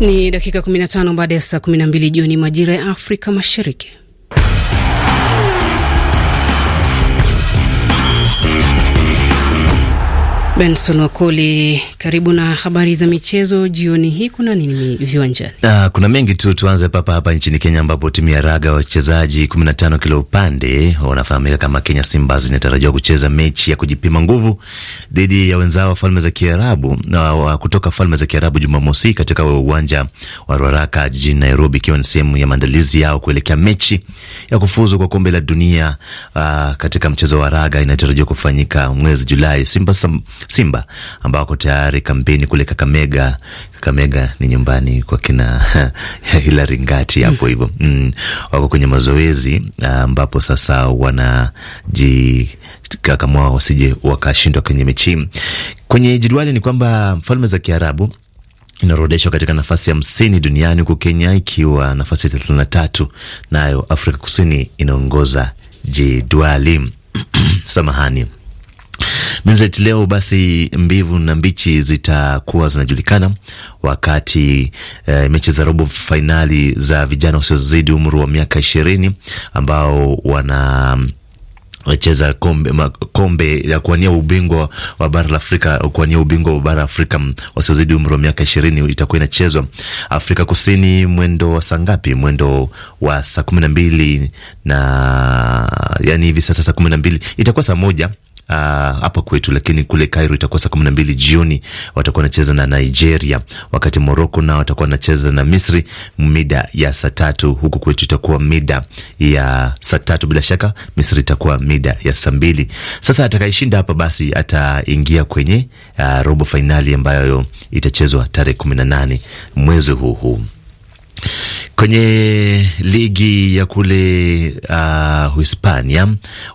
Ni dakika 15 baada ya saa 12 jioni majira ya Afrika Mashariki. Benson Wakoli, karibu na habari za michezo jioni hii. Kuna nini viwanjani? Uh, kuna mengi tu. Tuanze papa hapa nchini Kenya, ambapo timu ya raga wachezaji 15 kila upande wanafahamika kama Kenya Simbas inatarajiwa kucheza mechi ya kujipima nguvu dhidi ya wenzao wa falme za Kiarabu uh, kutoka falme za Kiarabu Jumamosi katika uwanja wa Ruaraka jijini Nairobi, ikiwa ni sehemu ya maandalizi yao kuelekea mechi ya kufuzu kwa kombe la dunia uh, katika mchezo wa raga inatarajiwa kufanyika mwezi Julai. Simba Simba ambao wako tayari kambini kule Kakamega. Kakamega ni nyumbani kwa kina Hilary Ngati hapo hivyo hmm. mm. Wako kwenye mazoezi ambapo sasa wanajikakamua wasije wakashindwa kwenye mechi. Kwenye jedwali ni kwamba Falme za Kiarabu inarodeshwa katika nafasi hamsini duniani huku Kenya ikiwa nafasi thelathini na tatu nayo Afrika Kusini inaongoza jedwali samahani. Gazeti leo basi, mbivu na mbichi zitakuwa zinajulikana wakati e, mechi za robo fainali za vijana wasiozidi umri wa miaka ishirini ambao wana wacheza eh, kombe, kombe ya kuwania ubingwa wa bara la Afrika, kuwania ubingwa wa bara Afrika mm, wasiozidi umri wa miaka ishirini itakuwa inachezwa Afrika Kusini mwendo wa saa ngapi? Mwendo wa saa kumi na mbili na yani hivi sasa saa kumi na mbili itakuwa saa moja Uh, hapa uh, kwetu, lakini kule Cairo itakuwa saa kumi na mbili jioni watakuwa wanacheza na Nigeria, wakati Morocco nao watakuwa wanacheza na Misri mida ya saa tatu. Huku kwetu itakuwa mida ya saa tatu, bila shaka Misri itakuwa mida ya saa mbili. Sasa atakaishinda hapa basi ataingia kwenye uh, robo fainali ambayo itachezwa tarehe kumi na nane mwezi huu huu. Kwenye ligi ya kule uh, Hispania,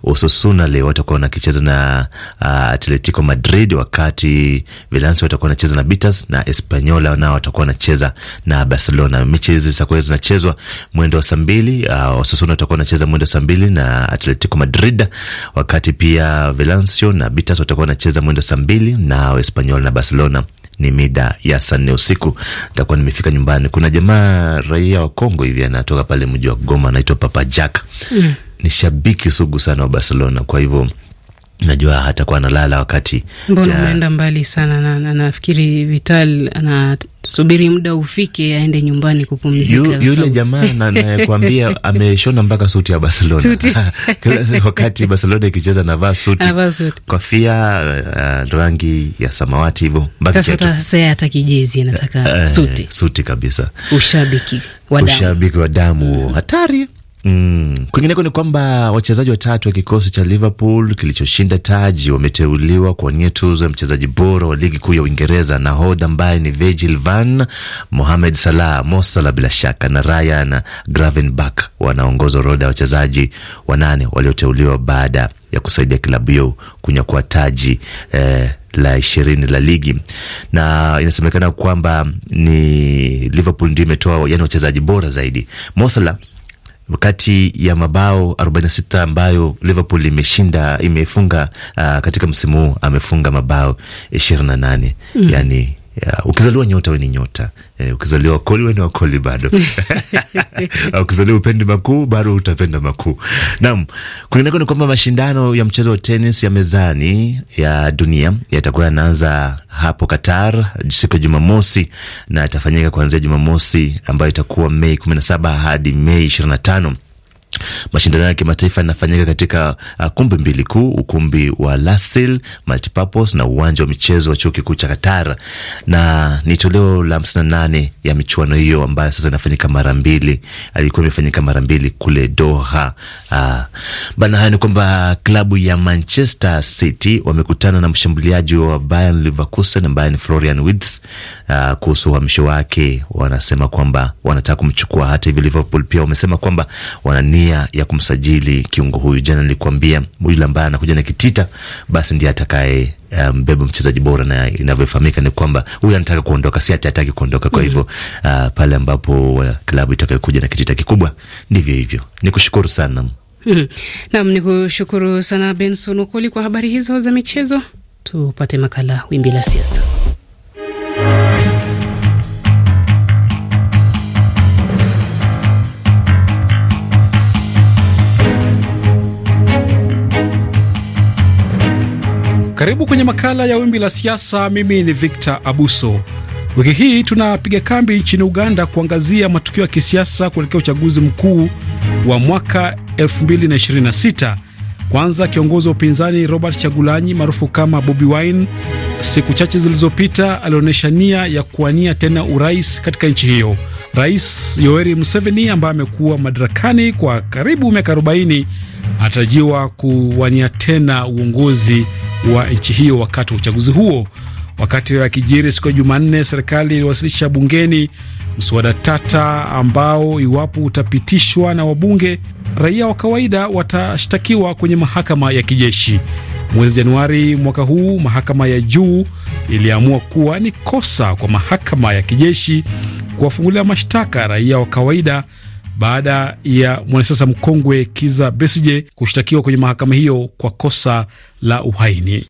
ususuna leo watakuwa wanakicheza na uh, Atletico Madrid, wakati Valencia watakuwa wanacheza na Betis na Espanyola nao watakuwa wanacheza na Barcelona. Mechi hizi zitakuwa zinachezwa mwendo wa saa mbili. Uh, Osasuna watakuwa wanacheza mwendo wa saa mbili na Atletico Madrid, wakati pia Valencia na Betis watakuwa wanacheza mwendo wa saa mbili na Espanyola na Barcelona ni mida ya saa nne usiku nitakuwa nimefika nyumbani. Kuna jamaa raia wa Kongo hivi anatoka pale mji wa Goma, anaitwa Papa Jack mm. ni shabiki sugu sana wa Barcelona, kwa hivyo najua hatakuwa analala wakati. Mbona umeenda mbali sana na, na nafikiri Vital anasubiri muda ufike aende nyumbani kupumzika. Yu, yule jamaa anayekwambia ameshona mpaka suti ya Barcelona kila wakati Barcelona ikicheza navaa suti, kofia uh, rangi ya samawati hivyo mpaka sasa. Hata kijezi anataka eh, suti, suti kabisa. Ushabiki wa damu, ushabiki wa damu hatari Mm. Kwingineko ni kwamba wachezaji watatu wa kikosi cha Liverpool kilichoshinda taji wameteuliwa kuwania tuzo ya mchezaji bora wa ligi kuu ya Uingereza, nahodha ambaye ni Virgil van Mohamed Salah, Mo Salah bila shaka, na Ryan Gravenberch wanaongoza orodha ya wachezaji wanane walioteuliwa baada ya kusaidia klabu hiyo kunyakua taji eh, la ishirini la ligi na inasemekana kwamba ni Liverpool ndio imetoa yani wachezaji bora zaidi. Mo Salah kati ya mabao 46 ambayo Liverpool imeshinda imefunga, uh, katika msimu huu amefunga mabao 28 mm. Yani Yeah, ukizaliwa nyota we ni nyota eh, ukizaliwa wakoli we ni wakoli bado ukizaliwa upendi makuu bado utapenda makuu. Naam, kwingineko ni kwamba mashindano ya mchezo wa tenis ya mezani ya dunia yatakuwa yanaanza hapo Qatar siku ya Jumamosi na yatafanyika kuanzia Jumamosi ambayo itakuwa Mei kumi na saba hadi Mei ishirini na tano. Mashindano ya kimataifa yanafanyika katika uh, kumbi mbili kuu, ukumbi wa Lasil Multipurpose na uwanja wa michezo wa chuo kikuu cha Katara, na ni toleo la hamsini nane ya michuano hiyo ambayo sasa inafanyika mara mbili, alikuwa uh, imefanyika mara mbili kule Doha. Uh, bana haya ni kwamba klabu ya Manchester City wamekutana na mshambuliaji wa Bayer Leverkusen ambaye ni Florian Wirtz uh, kuhusu uhamisho wake. Wanasema kwamba wanataka kumchukua. Hata hivyo, Liverpool pia wamesema kwamba wanani nia ya kumsajili kiungo huyu. Jana nilikuambia yule ambaye anakuja na kitita basi ndiye atakaye mbeba um, mchezaji bora, na inavyofahamika ni kwamba huyu anataka kuondoka, si ati hataki kuondoka. Kwa hivyo mm -hmm. uh, pale ambapo uh, klabu itakayokuja na kitita kikubwa ndivyo hivyo. Ni kushukuru sana mm-hmm. nam, ni kushukuru sana Benson Okoli kwa habari hizo za michezo. Tupate makala wimbi la siasa. Karibu kwenye makala ya wimbi la siasa. Mimi ni Victor Abuso. Wiki hii tunapiga kambi nchini Uganda kuangazia matukio ya kisiasa kuelekea uchaguzi mkuu wa mwaka 2026. Kwanza, kiongozi wa upinzani Robert Chagulanyi maarufu kama Bobi Wine siku chache zilizopita alionyesha nia ya kuwania tena urais katika nchi hiyo. Rais Yoweri Museveni ambaye amekuwa madarakani kwa karibu miaka 40 anatarajiwa kuwania tena uongozi wa nchi hiyo wakati wa uchaguzi huo. Wakati wa kijiri siku ya Jumanne, serikali iliwasilisha bungeni mswada tata ambao iwapo utapitishwa na wabunge, raia wa kawaida watashtakiwa kwenye mahakama ya kijeshi. Mwezi Januari mwaka huu, mahakama ya juu iliamua kuwa ni kosa kwa mahakama ya kijeshi kuwafungulia mashtaka raia wa kawaida baada ya mwanasiasa mkongwe Kiza Besije kushtakiwa kwenye mahakama hiyo kwa kosa la uhaini.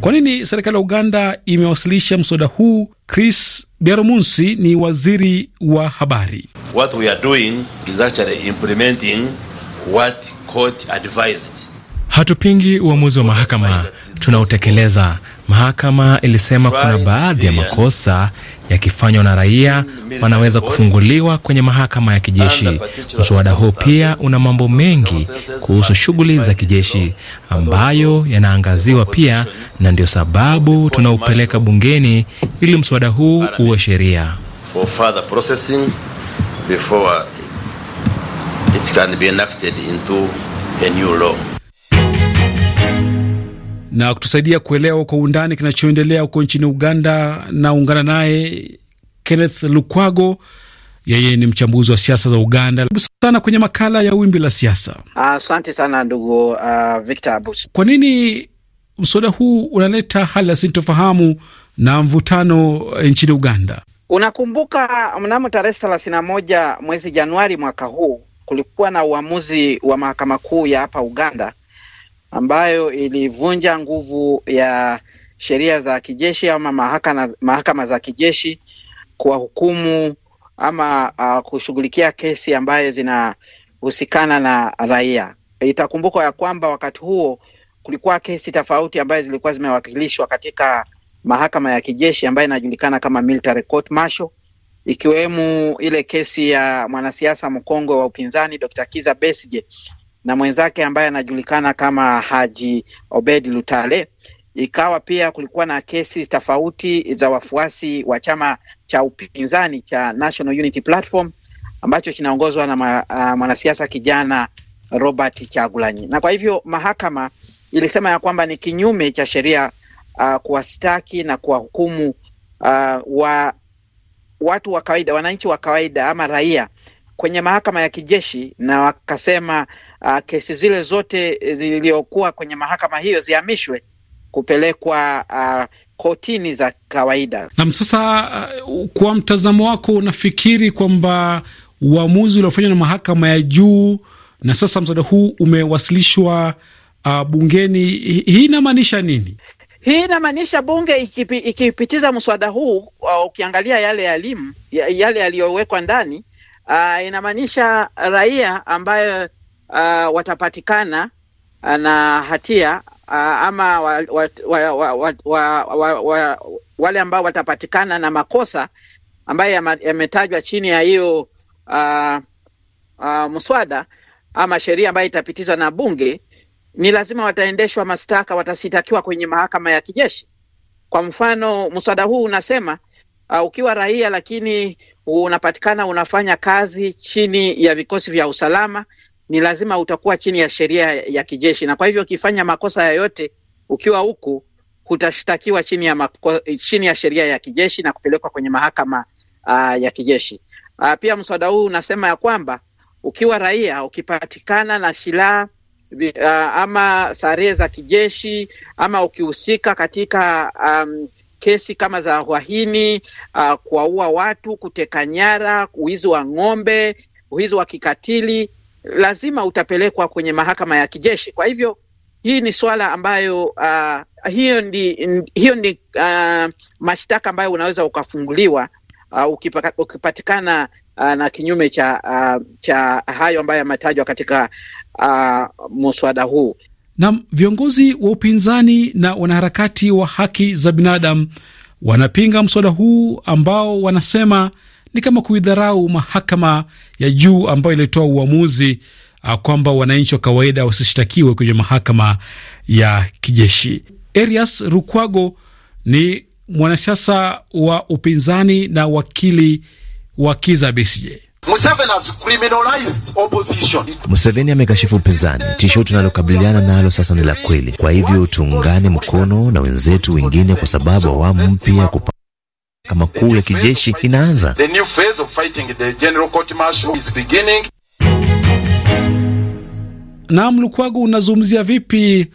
Kwa nini serikali ya Uganda imewasilisha mswada huu? Chris Biaromunsi ni waziri wa habari. What we are doing is actually implementing what court advised. Hatupingi uamuzi wa mahakama, tunautekeleza. Mahakama ilisema kuna baadhi ya makosa yakifanywa na raia wanaweza kufunguliwa kwenye mahakama ya kijeshi. Mswada huu pia una mambo mengi kuhusu shughuli za kijeshi ambayo yanaangaziwa pia, na ndio sababu tunaupeleka bungeni ili mswada huu uwe sheria. It can be enacted into a new law. Na kutusaidia kuelewa kwa undani kinachoendelea huko nchini Uganda, naungana naye Kenneth Lukwago, yeye ni mchambuzi wa siasa za Uganda. Karibu sana kwenye makala ya wimbi la siasa. Asante uh, sana ndugu uh, Victor Abus. Kwa nini mswada huu unaleta hali ya sintofahamu na mvutano eh, nchini Uganda? Unakumbuka mnamo tarehe thelathini na moja mwezi Januari mwaka huu kulikuwa na uamuzi wa mahakama kuu ya hapa Uganda ambayo ilivunja nguvu ya sheria za kijeshi ama mahakama, mahakama za kijeshi kwa hukumu ama uh, kushughulikia kesi ambayo zinahusikana na raia. Itakumbukwa ya kwamba wakati huo kulikuwa kesi tofauti ambayo zilikuwa zimewakilishwa katika mahakama ya kijeshi ambayo inajulikana kama military court martial, ikiwemo ile kesi ya mwanasiasa mkongwe wa upinzani Dr. Kiza Besigye na mwenzake ambaye anajulikana kama Haji Obedi Lutale. Ikawa pia kulikuwa na kesi tofauti za wafuasi wa chama cha upinzani cha National Unity Platform ambacho kinaongozwa na uh, mwanasiasa kijana Robert Chagulanyi, na kwa hivyo mahakama ilisema ya kwamba ni kinyume cha sheria uh, kuwastaki na kuwahukumu uh, wa watu wa kawaida, wananchi wa kawaida ama raia kwenye mahakama ya kijeshi na wakasema uh, kesi zile zote zilizokuwa kwenye mahakama hiyo zihamishwe kupelekwa uh, kotini za kawaida. Nam, sasa uh, kwa mtazamo wako unafikiri kwamba uamuzi uliofanywa na mahakama ya juu na sasa mswada huu umewasilishwa uh, bungeni, hii inamaanisha nini? Hii inamaanisha bunge ikipi, ikipitiza mswada huu uh, ukiangalia yale yalimu yale yaliyowekwa ndani uh, inamaanisha raia ambayo uh, watapatikana ah, na hatia uh, ama wa, wa, wa, wa, wa, wa, wa, wale ambao watapatikana na makosa ambayo yametajwa chini ya hiyo uh, uh, mswada ama sheria ambayo itapitizwa na bunge ni lazima wataendeshwa mashtaka, watasitakiwa kwenye mahakama ya kijeshi. Kwa mfano, mswada huu unasema uh, ukiwa raia lakini unapatikana unafanya kazi chini ya vikosi vya usalama, ni lazima utakuwa chini ya sheria ya kijeshi, na kwa hivyo ukifanya makosa yoyote ukiwa huku utashtakiwa chini ya, chini ya sheria ya kijeshi na kupelekwa kwenye mahakama aa, ah, ya kijeshi. Aa, ah, pia mswada huu unasema ya kwamba ukiwa raia ukipatikana na silaha ah, ama sare za kijeshi ama ukihusika katika um, kesi kama za uhaini, uh, kuwaua watu, kuteka nyara, wizi wa ng'ombe, wizi wa kikatili, lazima utapelekwa kwenye mahakama ya kijeshi. Kwa hivyo hii ni swala ambayo uh, hiyo ndi, hiyo ndi uh, mashtaka ambayo unaweza ukafunguliwa uh, ukipa, ukipatikana uh, na kinyume cha, uh, cha hayo ambayo yametajwa katika uh, muswada huu. Na viongozi wa upinzani na wanaharakati wa haki za binadamu wanapinga mswada huu ambao wanasema ni kama kuidharau mahakama ya juu ambayo ilitoa uamuzi ah, kwamba wananchi wa kawaida wasishtakiwe kwenye mahakama ya kijeshi. Erias Rukwago ni mwanasiasa wa upinzani na wakili wa Kiza Besigye. Museveni amekashifu upinzani. Tisho tunalokabiliana nalo sasa ni la kweli, kwa hivyo tuungane mkono na wenzetu wengine, kwa sababu awamu mpya kupaka kuu ya kijeshi inaanza. Na Mlukwago, unazungumzia vipi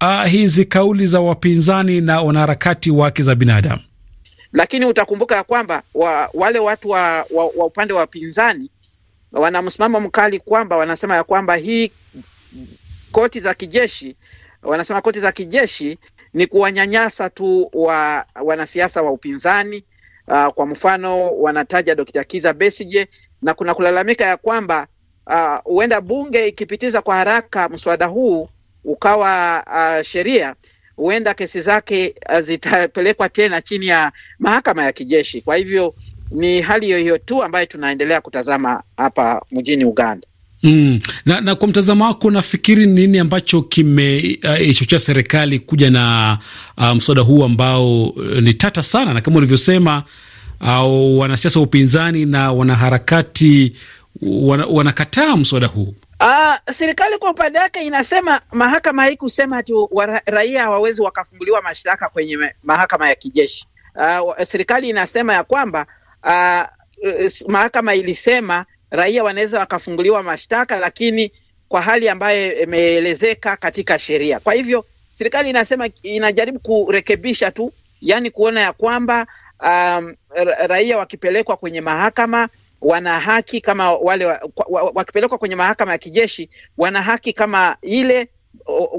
ah, hizi kauli za wapinzani na wanaharakati wa haki za binadamu? Lakini utakumbuka ya kwamba wa, wale watu wa, wa, wa upande wa pinzani wana msimamo mkali kwamba wanasema ya kwamba hii koti za kijeshi, wanasema koti za kijeshi ni kuwanyanyasa tu wa wanasiasa wa upinzani. Uh, kwa mfano wanataja Dr. Kiza Besije na kuna kulalamika ya kwamba ah, huenda uh, bunge ikipitiza kwa haraka mswada huu ukawa uh, sheria huenda kesi zake eh, zitapelekwa tena chini ya mahakama ya kijeshi. Kwa hivyo ni hali hiyo hiyo tu ambayo tunaendelea kutazama hapa mjini Uganda. Mm. Na, na kwa mtazamo wako nafikiri nini ambacho kimeichochea eh, uh, serikali kuja na uh, mswada huu ambao uh, ni tata sana, na kama ulivyosema uh, wanasiasa wa upinzani na wanaharakati wana, wanakataa mswada huu. Uh, serikali kwa upande wake inasema mahakama haikusema ati wa, raia hawawezi wakafunguliwa mashtaka kwenye mahakama ya kijeshi. Uh, serikali inasema ya kwamba uh, mahakama ilisema raia wanaweza wakafunguliwa mashtaka lakini kwa hali ambayo imeelezeka katika sheria. Kwa hivyo serikali inasema inajaribu kurekebisha tu, yani kuona ya kwamba um, raia wakipelekwa kwenye mahakama wana haki kama wale wakipelekwa kwenye mahakama ya kijeshi, wana haki kama ile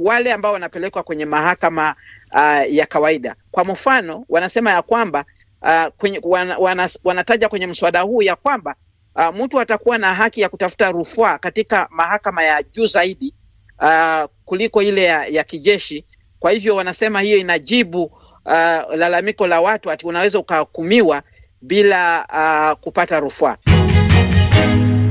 wale ambao wanapelekwa kwenye mahakama uh, ya kawaida. Kwa mfano, wanasema ya kwamba uh, kwenye, wana, wana, wanataja kwenye mswada huu ya kwamba uh, mtu atakuwa na haki ya kutafuta rufaa katika mahakama ya juu zaidi uh, kuliko ile ya, ya kijeshi. Kwa hivyo wanasema hiyo inajibu uh, lalamiko la watu ati unaweza ukahukumiwa bila uh, kupata rufaa.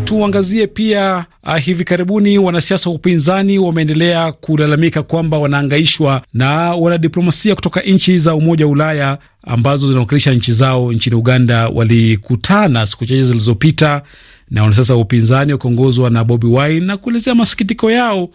Tuangazie pia uh, hivi karibuni wanasiasa wa upinzani wameendelea kulalamika kwamba wanaangaishwa na wanadiplomasia kutoka nchi za Umoja wa Ulaya ambazo zinawakilisha nchi zao nchini Uganda. Walikutana siku chache zilizopita na wanasiasa wa upinzani wakiongozwa na Bobi Wine na kuelezea masikitiko yao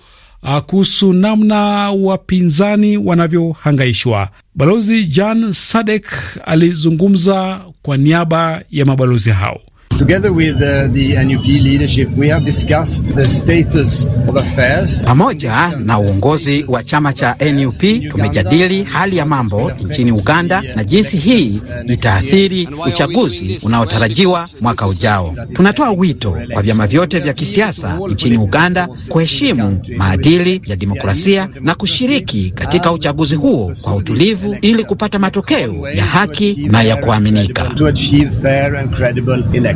Ah, kuhusu namna wapinzani wanavyohangaishwa. Balozi Jan Sadek alizungumza kwa niaba ya mabalozi hao. Together with uh, the NUP leadership, we have discussed the status of affairs. Pamoja na uongozi wa chama cha NUP tumejadili hali ya mambo nchini Uganda na jinsi hii itaathiri uchaguzi unaotarajiwa mwaka ujao. Tunatoa wito kwa vyama vyote vya kisiasa nchini Uganda kuheshimu maadili ya demokrasia na kushiriki katika uchaguzi huo kwa utulivu ili kupata matokeo ya haki na ya kuaminika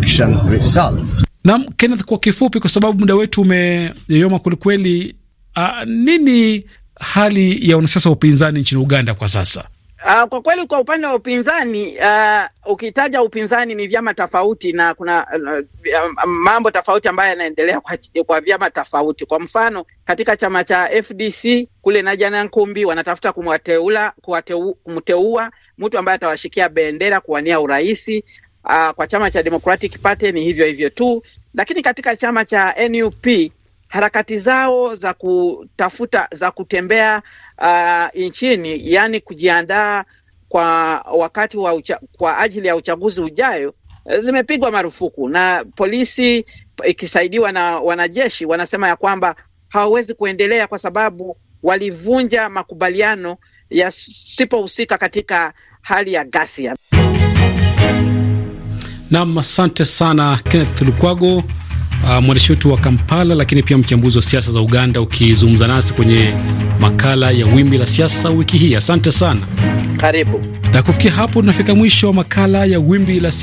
election results. Naam, Kenneth, kwa kifupi, kwa sababu muda wetu umeyoyoma kwelikweli, ah, nini hali ya wanasiasa wa upinzani nchini Uganda kwa sasa? Uh, kwa kweli kwa upande wa upinzani uh, ukitaja upinzani ni vyama tofauti na kuna uh, mambo tofauti ambayo yanaendelea kwa, kwa vyama tofauti. Kwa mfano katika chama cha FDC kule Najana Nkumbi wanatafuta kumwateula kumteua mtu ambaye atawashikia bendera kuwania urahisi Uh, kwa chama cha Democratic Party ni hivyo hivyo tu, lakini katika chama cha NUP harakati zao za kutafuta za kutembea uh, nchini, yaani kujiandaa kwa wakati wa ucha, kwa ajili ya uchaguzi ujayo eh, zimepigwa marufuku na polisi ikisaidiwa na wanajeshi, wanasema ya kwamba hawawezi kuendelea kwa sababu walivunja makubaliano yasipohusika katika hali ya ghasia. Nam, asante sana Kenneth Lukwago, uh, mwandishi wetu wa Kampala, lakini pia mchambuzi wa siasa za Uganda, ukizungumza nasi kwenye makala ya Wimbi la Siasa wiki hii. Asante sana, karibu. Na kufikia hapo tunafika mwisho wa makala ya Wimbi la Siasa.